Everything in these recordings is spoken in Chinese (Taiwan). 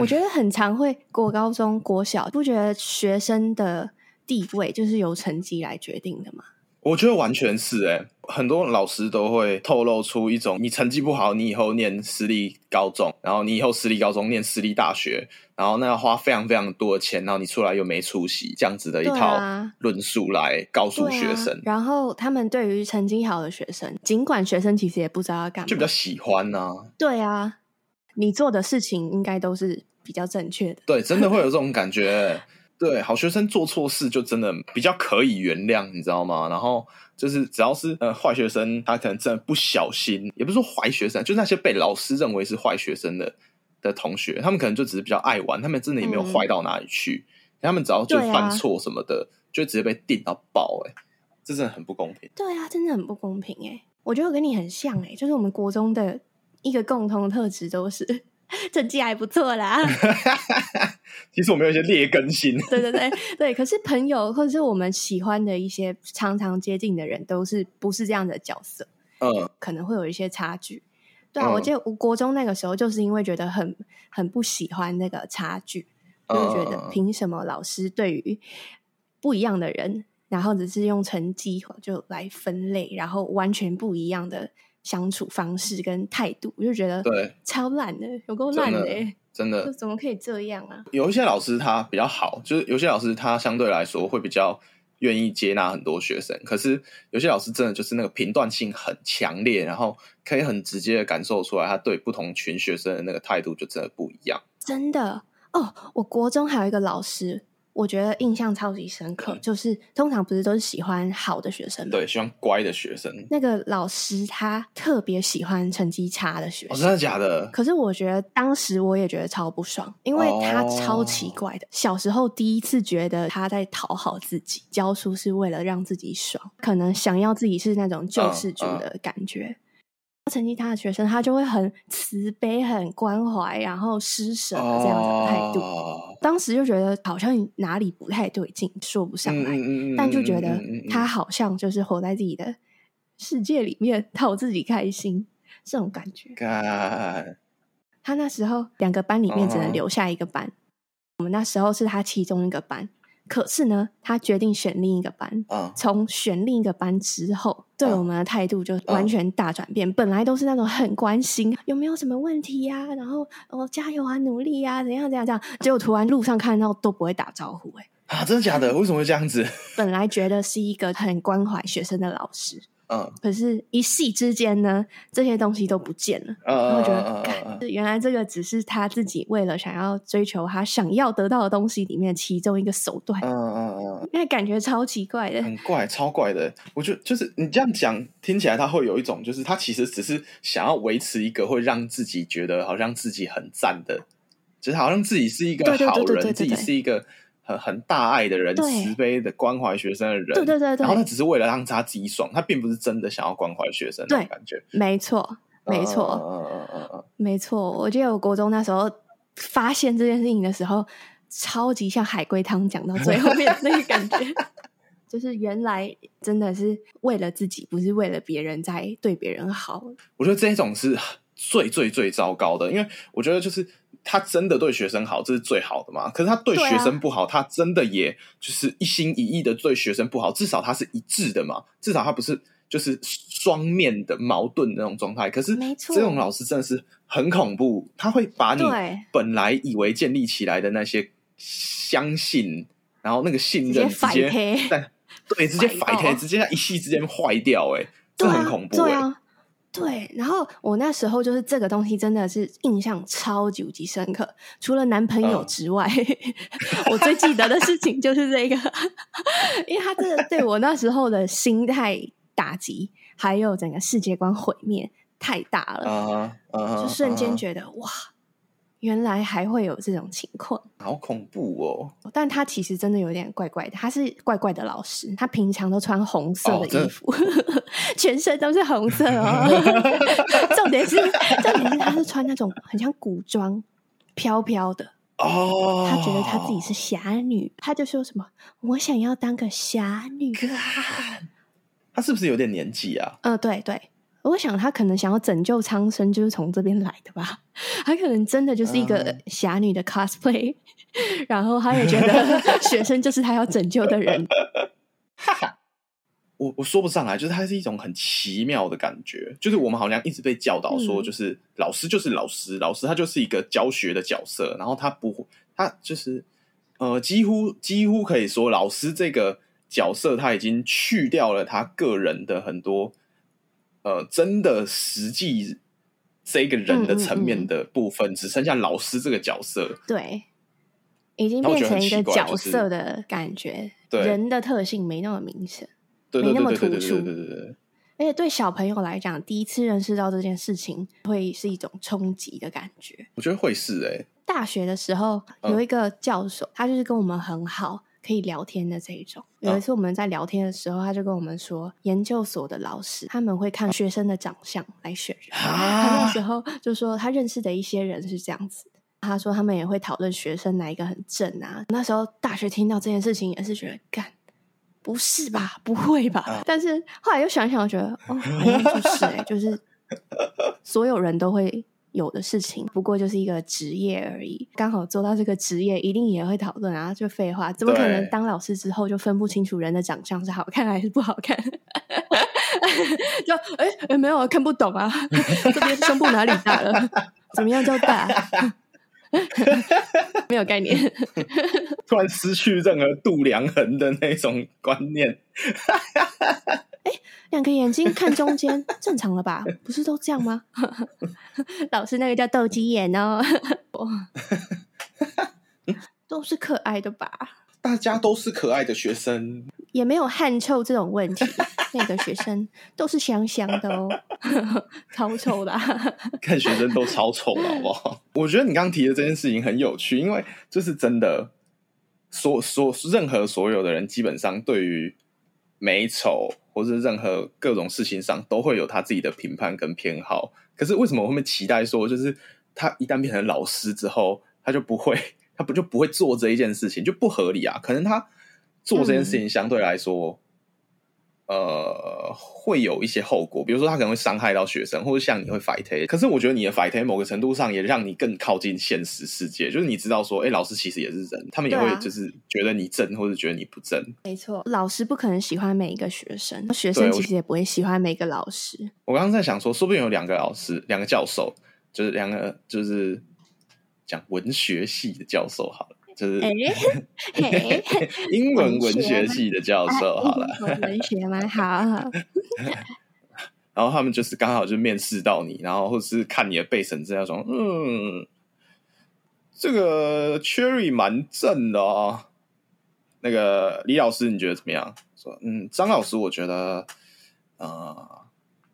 我覺得很常會國高中、國小，不覺得學生的地位就是由成績來決定的嗎？我覺得完全是哎，很多老師都會透露出一種：你成績不好，你以後念私立高中，然後你以後私立高中念私立大學，然後那要花非常非常多的錢，然後你出來又沒出息，這樣子的一套論述來告訴學生。啊啊、然後他們對於成績好的學生，儘管學生其實也不知道要幹嘛，就比較喜歡吶、啊。對啊。你做的事情應該都是比較正確的，對，真的會有這種感覺。 對，好學生做錯事就真的比較可以原諒，你知道嗎？然後就是只要是呃壞學生，他可能真的不小心，也不是說壞學生，就是那些被老師認為是壞學生的的同學，他們可能就只是比較愛玩，他們真的也沒有壞到哪裡去，嗯、他們只要就犯錯什麼的，啊、就直接被電到爆、欸，哎，這真的很不公平。對啊，真的很不公平、欸，哎，我覺得跟你很像、欸，哎，就是我們國中的。一個共同的特質都是成績還不錯啦。 其實我們有一些劣根性。對對對對，可是朋友或者是我們喜歡的一些常常接近的人，都是不是這樣的角色。呃、可能會有一些差距。呃、對啊，我記得我國中那個時候就是因為覺得很很不喜歡那個差距，就覺得憑什麼老師對於不一樣的人，呃、然後只是用成績就來分類，然後完全不一樣的相處方式跟態度，我就覺得對超爛的，對，有夠爛的欸，真的，怎麼可以這樣啊？有一些老師他比較好，就是有些老師他相對來說會比較願意接納很多學生，可是有些老師真的就是那個評斷性很強烈，然後可以很直接的感受出來，他對不同群學生的那個態度就真的不一樣，真的哦。Oh, 我國中還有一個老師，我覺得印象超級深刻，嗯、就是通常不是都是喜歡好的學生嗎？對，喜歡乖的學生。那個老師他特別喜歡成績差的學生。哦，真的假的？可是我覺得當時我也覺得超不爽，因為他超奇怪的。哦、小時候第一次覺得他在討好自己，教書是為了讓自己爽，可能想要自己是那種救世主的感覺。嗯、嗯。他成績他的學生，他就會很慈悲、很關懷，然後施捨這樣子的態度。Oh. 當時就覺得好像哪裡不太對勁，說不上來，mm hmm. 但就覺得他好像就是活在自己的世界裡面，討自己開心這種感覺。God. 他那時候兩個班裡面只能留下一個班，oh. 我們那時候是他其中一個班。可是呢，他決定選另一個班。啊、嗯，從選另一個班之後，對我們的態度就完全大轉變。嗯嗯、本來都是那種很關心有沒有什麼問題呀、啊，然後哦加油啊，努力呀、啊，怎樣怎樣這樣，結果突然路上看到都不會打招呼，哎啊，真的假的？為什麼會這樣子？本來覺得是一個很關懷學生的老師。嗯，可是一夕之間呢，這些東西都不見了。嗯、然後覺得，原來這個只是他自己為了想要追求他想要得到的東西裡面其中一個手段。嗯嗯嗯，那、嗯嗯、感覺超奇怪的，很怪，超怪的。我覺得就是你這樣講，聽起來他會有一種，就是他其實只是想要維持一個會讓自己覺得好像自己很讚的，就是好像自己是一個好人，對對對，自己是一個。很很大愛的人，對慈悲的關懷學生的人，對對對,對然後他只是為了讓他自己爽，他並不是真的想要關懷學生的感覺。沒錯，沒錯，嗯嗯嗯嗯，沒錯、啊。我覺得我國中那時候發現這件事情的時候，超級像海龜湯講到最後面的那個感覺， 就是原來真的是為了自己，不是為了別人在對別人好。我覺得這一種是最最最糟糕的，因為我覺得就是。他真的對學生好，這是最好的嘛。可是他對學生不好，啊、他真的也就是一心一意的對學生不好。至少他是一致的嘛，至少他不是就是雙面的、矛盾的那種狀態。可是，這種老師真的是很恐怖，錯他會把你本來以為建立起來的那些相信，對然後那個信任直接，直接反黑，直接反黑，話直接在一夕之間壞掉，欸，哎、啊，這很恐怖，欸，哎、啊。對，然後我那時候就是這個東西真的是印象超級無級深刻，除了男朋友之外，uh. 我最記得的事情就是這個， 因為他真的對我那時候的心態打擊，還有整個世界觀毀滅太大了，就瞬間覺得哇。原來還會有這種情況，好恐怖哦！但他其實真的有點怪怪的，他是怪怪的老師。他平常都穿紅色的衣服，哦、真的？ 全身都是紅色哦。 重點是，重點是他是穿那種很像古裝飄飄的哦。他覺得他自己是俠女，他就說什麼：“我想要當個俠女、啊。”他是不是有點年紀啊？嗯、呃，對對。我想他可能想要拯救蒼生，就是從這邊來的吧。他可能真的就是一個俠女的 cosplay，、uh、然後他也覺得學生就是他要拯救的人。 哈哈我我說不上來，就是他是一種很奇妙的感覺。就是我們好像一直被教導說，就是、嗯、老師就是老師，老師他就是一個教學的角色，然後他不他就是呃，幾乎幾乎可以說，老師這個角色他已經去掉了他個人的很多。呃，真的實際這個人的層面的部分，嗯嗯嗯，只剩下老師這個角色，對，已經變成一個角色的感覺，覺就是、對人的特性沒那麼明顯，沒那麼突出，對對對，對，對，對，對對對。而且對小朋友來講，第一次認識到這件事情，會是一種衝擊的感覺。我覺得會是哎、欸，大學的時候有一個教授，嗯、他就是跟我們很好。可以聊天的這一種。Oh. 有一次我們在聊天的時候，他就跟我們說，研究所的老師他們會看學生的長相來選人。Ah. 他那時候就說，他認識的一些人是這樣子。他說他們也會討論學生哪一個很正啊。那時候大學聽到這件事情也是覺得，幹，不是吧？不會吧？Uh. 但是後來又想一想，我覺得哦，哎，就是就是所有人都會。有的事情不過就是一個職業而已，剛好做到這個職業，一定也會討論啊，就廢話，怎麼可能當老師之後就分不清楚人的長相是好看還是不好看？ 就哎哎沒有看不懂啊，這邊胸部哪裡大了？怎麼樣叫大？ 沒有概念，突然失去任何度量衡的那種觀念。 哎，兩個眼睛看中間， 正常了吧？不是都這樣嗎？ 老師那個叫鬥雞眼哦， 都是可愛的吧？大家都是可愛的學生，也沒有汗臭這種問題。 那個學生都是香香的哦， 超臭的啊， 看學生都超臭了哦。 我覺得你剛剛提的這件事情很有趣，因為這是真的，所所任何所有的人基本上對於。美醜或是任何各種事情上都會有他自己的評判跟偏好。可是為什麼我會期待說，就是他一旦變成老師之後，他就不會，他不就不會做這一件事情，就不合理啊？可能他做這件事情相對來說。嗯呃，會有一些後果，比如說他可能會傷害到學生，或者像你會 fighting，可是我覺得你的 fighting 某個程度上也讓你更靠近現實世界，就是你知道說，哎，老師其實也是人，他們也會就是覺得你正，或者覺得你不正。沒錯，老師不可能喜歡每一個學生，學生其實也不會喜歡每個老師。我，我剛剛在想說，說不定有兩個老師，兩個教授，就是兩個就是講文學系的教授，好了。就是、欸， 英文文學系的教授好了，文學，啊、文，文學嗎？好。好 然後他們就是剛好就面試到你，然後或者是看你的背景資料說，嗯，這個 Cherry 蠻正的哦。」那個李老師你覺得怎麼樣？說，嗯，張老師我覺得，呃，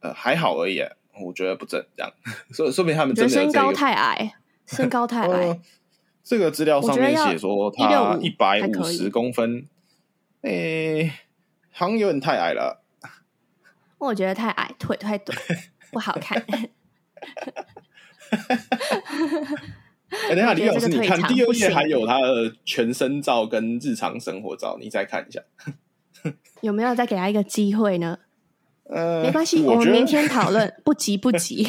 呃還好而已，我覺得不正，這樣說，說明他們真的、這個、身高太矮，身高太矮。 呃這個資料上面寫說他一百五十公分，誒，好像、欸、有點太矮了。我覺得太矮，腿太短， 不好看。哎、 欸，等一下 李老師， 你看第二頁還有他的全身照跟日常生活照，你再看一下， 有沒有再給他一個機會呢？嗯、沒關係，我們、哦、明天討論， 不急不急。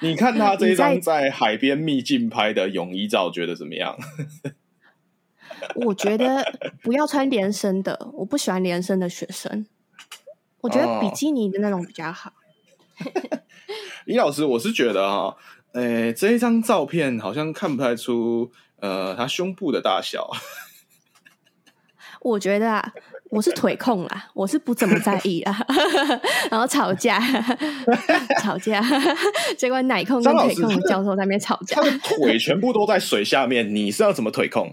你看他這張在海邊秘境拍的泳衣照，覺得怎麼樣？ 我覺得不要穿連身的，我不喜歡連身的學生。我覺得比基尼的那種比較好。哦、 李老師，我是覺得哈、哦，誒、欸，這張照片好像看不太出，呃，他胸部的大小。 我覺得、啊。我是腿控啦，我是不怎麼在意啊， 然後吵架，吵架，結果奶控跟腿控的教授在那邊吵架，就是，他的腿全部都在水下面，你是要怎麼腿控？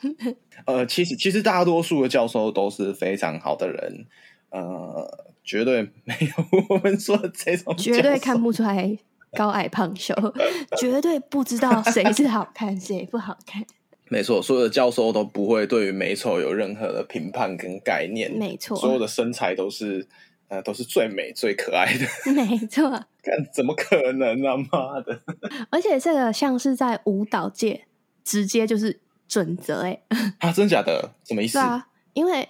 呃，其實其實大多數的教授都是非常好的人，呃，絕對沒有我們說的這種，絕對看不出來高矮胖瘦，絕對不知道誰是好看 誰不好看。沒錯，所有的教授都不會對於美醜有任何的評判跟概念。沒錯，所有的身材都是呃都是最美最可愛的。沒錯，看怎麼可能啊媽的！而且這個像是在舞蹈界直接就是準則誒，啊，真假的什麼意思啊？因為。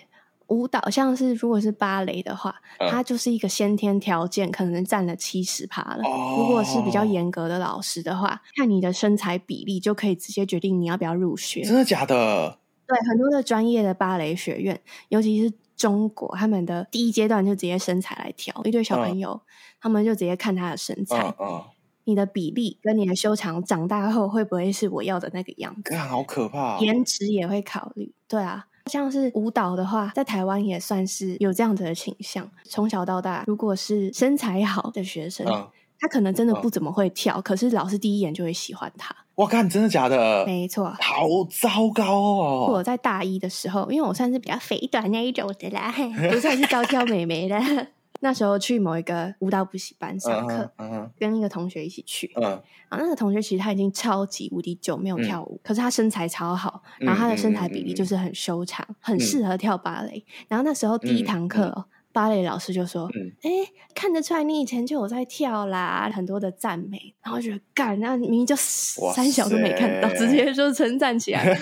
舞蹈像是，如果是芭蕾的話，嗯、它就是一個先天條件，可能佔了七十趴了。哦、如果是比較嚴格的老師的話，看你的身材比例就可以直接決定你要不要入學。真的假的？對，很多的專業的芭蕾學院，尤其是中國，他們的第一階段就直接身材來挑一堆小朋友，嗯、他們就直接看他的身材。嗯嗯、你的比例跟你的修長，長大後會不會是我要的那個樣子？好可怕！顏值也會考慮，對啊。像是舞蹈的話，在台灣也算是有這樣子的傾向。從小到大，如果是身材好的學生，嗯、他可能真的不怎麼會跳，嗯、可是老師第一眼就會喜歡他。我看你，真的假的？沒錯錯，好糟糕哦！我在大一的時候，因為我算是比較肥短那一種的啦，不算是高挑美眉了。 那時候去某一個舞蹈補習班上課，跟一個同學一起去。啊，那個同學其實他已經超級無敵久沒有跳舞，可是他身材超好，然後他的身材比例就是很修長，很適合跳芭蕾。然後那時候第一堂課，芭蕾老師就說：“哎，看得出來你以前就有在跳啦！”很多的讚美。然後我就覺得幹，那明明就三小都沒看到，直接就稱讚起來了。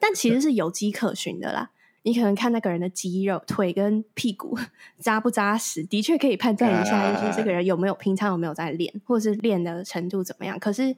但其實是有跡可循的啦。你可能看那個人的肌肉、腿跟屁股扎不扎實，的確可以判斷一下，就是這個人有沒有平常有沒有在練，或者是練的程度怎麼樣。可是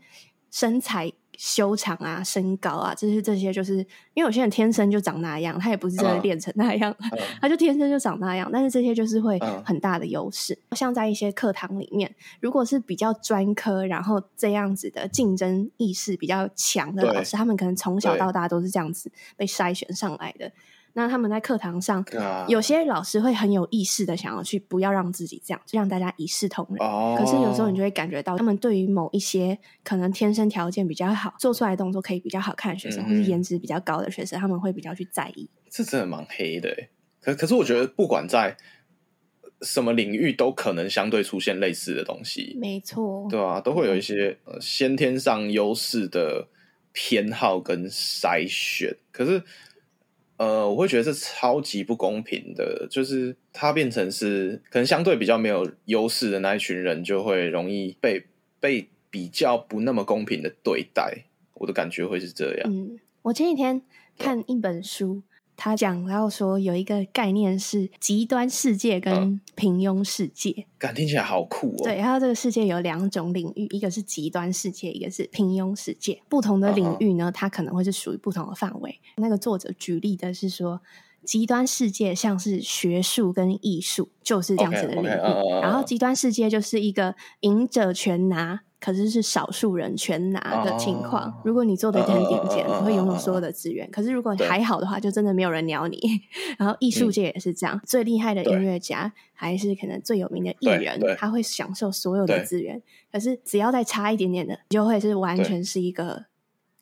身材修長啊、身高啊，就是這些，就是因為有些人天生就長那樣，他也不是真的練成那樣，uh huh. uh huh. 他就天生就長那樣。但是這些就是會很大的優勢，像在一些課堂裡面，如果是比較專科，然後這樣子的競爭意識比較強的老師，對他們可能從小到大都是這樣子被篩選上來的。那他們在課堂上，God. 有些老師會很有意識的想要去不要讓自己這樣，就讓大家一視同仁。Oh. 可是有時候你就會感覺到，他們對於某一些可能天生條件比較好、做出來的動作可以比較好看的學生，mm hmm. 或是顏值比較高的學生，他們會比較去在意。這真的蠻黑的，可可是我覺得不管在什麼領域，都可能相對出現類似的東西。沒錯，對啊，都會有一些先天上優勢的偏好跟篩選，可是。呃，我會覺得這超級不公平的，就是他變成是可能相對比較沒有優勢的那一群人，就會容易被被比較不那麼公平的對待。我的感覺會是這樣。嗯，我前幾天看一本書。他講然後說，有一個概念是極端世界跟平庸世界，感聽起來好酷哦。對，然後這個世界有兩種領域，一個是極端世界，一個是平庸世界。不同的領域呢，它可能會是屬於不同的範圍。那個作者舉例的是說，極端世界像是學術跟藝術，就是這樣子的領域。然後極端世界就是一個贏者全拿。可是是少數人全拿的情況。如果你做的很頂尖，你會擁有所有的資源，可是如果還好的話，就真的沒有人鳥你。然後藝術界也是這樣，最厲害的音樂家還是可能最有名的藝人，他會享受所有的資源。可是只要再差一點點的，你就會是完全是一個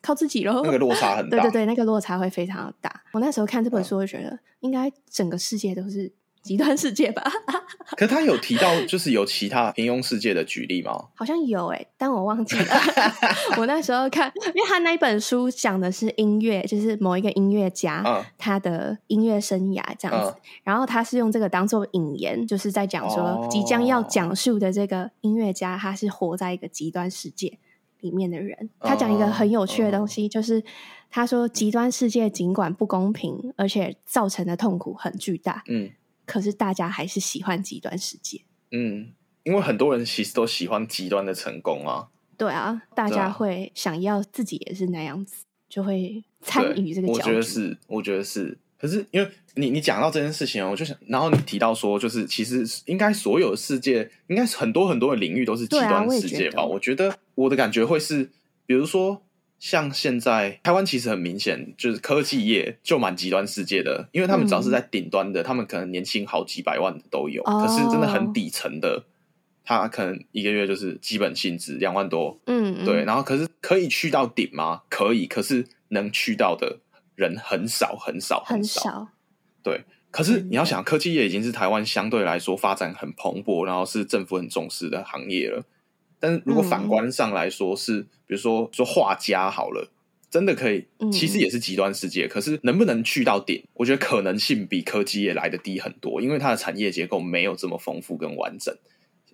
靠自己咯。那個落差很大，對對對，那個落差會非常大。我那時候看這本書，我覺得應該整個世界都是極端世界吧， 可他有提到就是有其他平庸世界的舉例嗎？好像有誒、欸，但我忘記了。 我那時候看，因為他那一本書講的是音樂，就是某一個音樂家、嗯、他的音樂生涯這樣子。嗯、然後他是用這個當做引言，就是在講說即將要講述的這個音樂家，他是活在一個極端世界裡面的人。他講一個很有趣的東西，嗯、就是他說極端世界儘管不公平，而且造成的痛苦很巨大。嗯。可是大家還是喜歡極端世界，嗯，因為很多人其實都喜歡極端的成功啊。對啊，大家會想要自己也是那樣子，就會參與這個。我覺得是，我覺得是。可是因為你你講到這件事情，我就想，然後你提到說，就是其實應該所有世界，應該很多很多的領域都是極端世界吧？對啊，我也覺得。我覺得我的感覺會是，比如說。像現在台灣其實很明顯，就是科技業就蠻極端世界的，因為他們只要是在頂端的，嗯、他們可能年薪好幾百萬的都有。哦、可是真的很底層的，他可能一個月就是基本薪資兩萬多。嗯，嗯，對。然後可是可以去到頂嗎？可以，可是能去到的人很少很少很少。很少很小。對，可是你要想，嗯、科技業已經是台灣相對來說發展很蓬勃，然後是政府很重視的行業了。但是如果反觀上來說是，是、嗯、比如說說畫家好了，真的可以，其實也是極端世界。嗯、可是能不能去到頂，我覺得可能性比科技業來得低很多，因為它的產業結構沒有這麼豐富跟完整，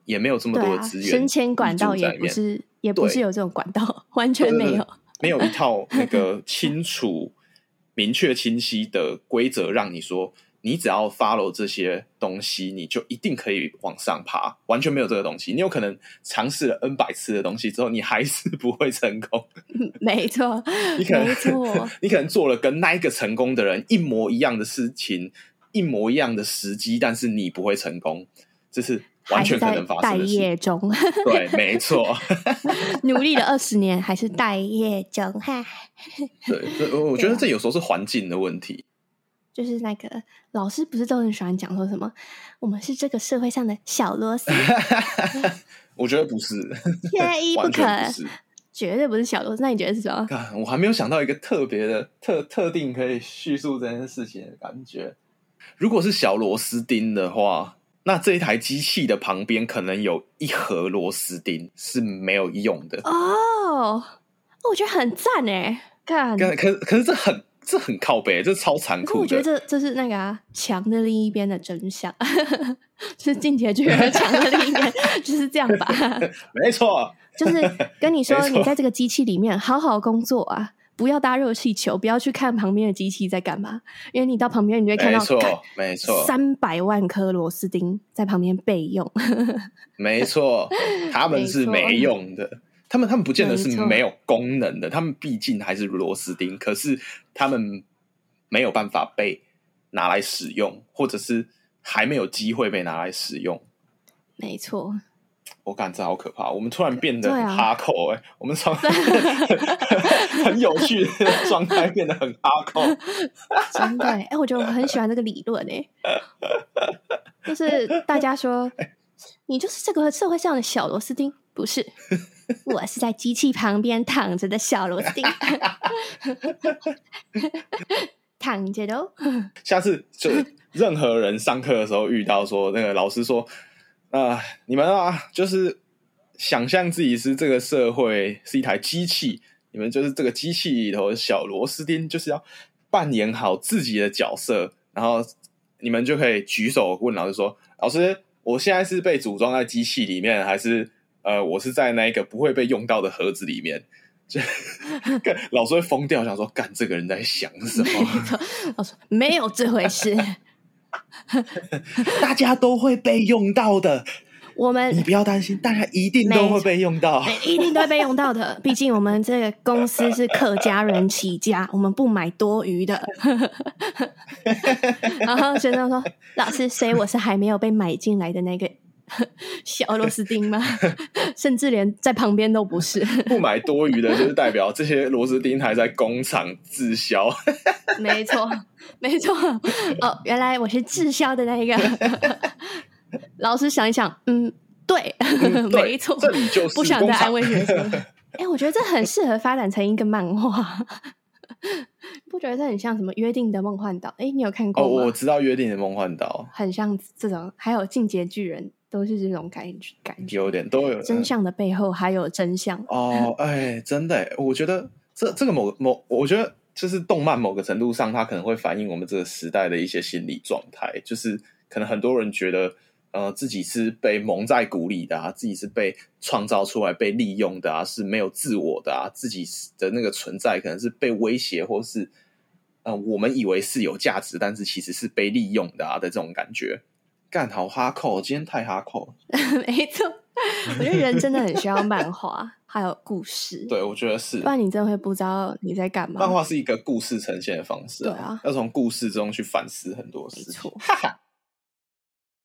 也沒有這麼多的資源。升遷、啊、管道也，也不是也不是有這種管道，對 完全沒有對對對，沒有一套那個清楚、 明確、清晰的規則讓你說。你只要 follow 這些東西，你就一定可以往上爬，完全沒有這個東西。你有可能嘗試了 N 百次的東西之後，你還是不會成功。沒錯， 你可能錯你可能做了跟那一個成功的人一模一樣的事情，一模一樣的時機，但是你不會成功，這是完全可能發生的事。待業中， 對，沒錯， 努力了二十年還是待業中。哈 對，我覺得這有時候是環境的問題。就是那個老師，不是都很喜歡講說什麼？我們是這個社會上的小螺絲。 我覺得不是，缺一 Yeah, you 不,不可。絕對不是小螺絲。那你覺得是什麼？我還沒有想到一個特別的、特特定可以敘述這件事情的感覺。如果是小螺絲釘的話，那這一台機器的旁邊可能有一盒螺絲釘是沒有用的哦。Oh, 我覺得很讚哎，看可是可是這很。這很靠北，這超殘酷。可是我覺得這這是那個啊，牆的另一邊的真相， 就是進擊的巨人的牆的另一邊， 就是這樣吧？沒錯，就是跟你說，錯你在這個機器裡面好好工作啊，不要搭熱氣球，不要去看旁邊的機器在幹嘛，因為你到旁邊，你會看到，沒錯，沒錯，三百萬顆螺絲釘在旁邊備用， 沒錯，他們是沒用的。他們他們不見得是沒有功能的，錯他們畢竟還是螺絲釘，可是他們沒有辦法被拿來使用，或者是還沒有機會被拿來使用。沒錯錯，我感覺好可怕，我們突然變得 hardcore 哎，啊、我們從 很有趣的狀態變得很 hardcore， 真的哎、欸，我覺得我很喜歡這個理論、欸、就是大家說你就是這個社會上的小螺絲釘。不是，我是在機器旁邊躺着的小螺絲釘，躺着的哦，下次就任何人上課的時候遇到，說那個老師說啊、呃，你們啊，就是想象自己是這個社會是一台機器，你們就是這個機器裡頭的小螺絲釘，就是要扮演好自己的角色，然後你們就可以舉手問老師說：“老師，我現在是被組裝在機器裡面，還是？”呃，我是在那一個不會被用到的盒子裡面，就老師會瘋掉，想說幹這個人在想什麼。老師，沒有這回事， 大家都會被用到的。我們你不要擔心，大家一定都會被用到，一定都會被用到的。 畢竟我們這個公司是客家人起家，我們不買多餘的。 然後學生說：“老師，所以我是還沒有被買進來的那個。” 小螺絲釘嗎？ 甚至連在旁邊都不是。 不買多餘的就是代表這些螺絲釘還在工廠滯銷。沒錯，沒錯。哦，原來我是滯銷的那一個。 老師想一想，嗯，對，沒錯。這裡就是不想再安慰學生。哎、 欸，我覺得這很適合發展成一個漫畫。 不覺得這很像什麼《約定的夢幻島》欸？哎，你有看過嗎？哦、我知道《約定的夢幻島》，很像這種。還有《進階巨人》。都是這種感覺，感覺有點都有真相的背後還有真相、嗯、哦。哎、欸，真的，我覺得這這個某個某，我覺得就是動漫某個程度上，它可能會反映我們這個時代的一些心理狀態。就是可能很多人覺得，呃，自己是被蒙在鼓裡的啊，自己是被創造出來、被利用的啊，是沒有自我的啊，自己的那個存在可能是被威脅，或是、呃、我們以為是有價值，但是其實是被利用的、啊、的這種感覺。幹，好哈扣，今天太哈扣。 沒錯，我覺得人真的很需要漫畫， 還有故事。對，我覺得是，不然你真的會不知道你在幹嘛。漫畫是一個故事呈現的方式啊，對啊，要從故事中去反思很多事。沒錯，哈哈。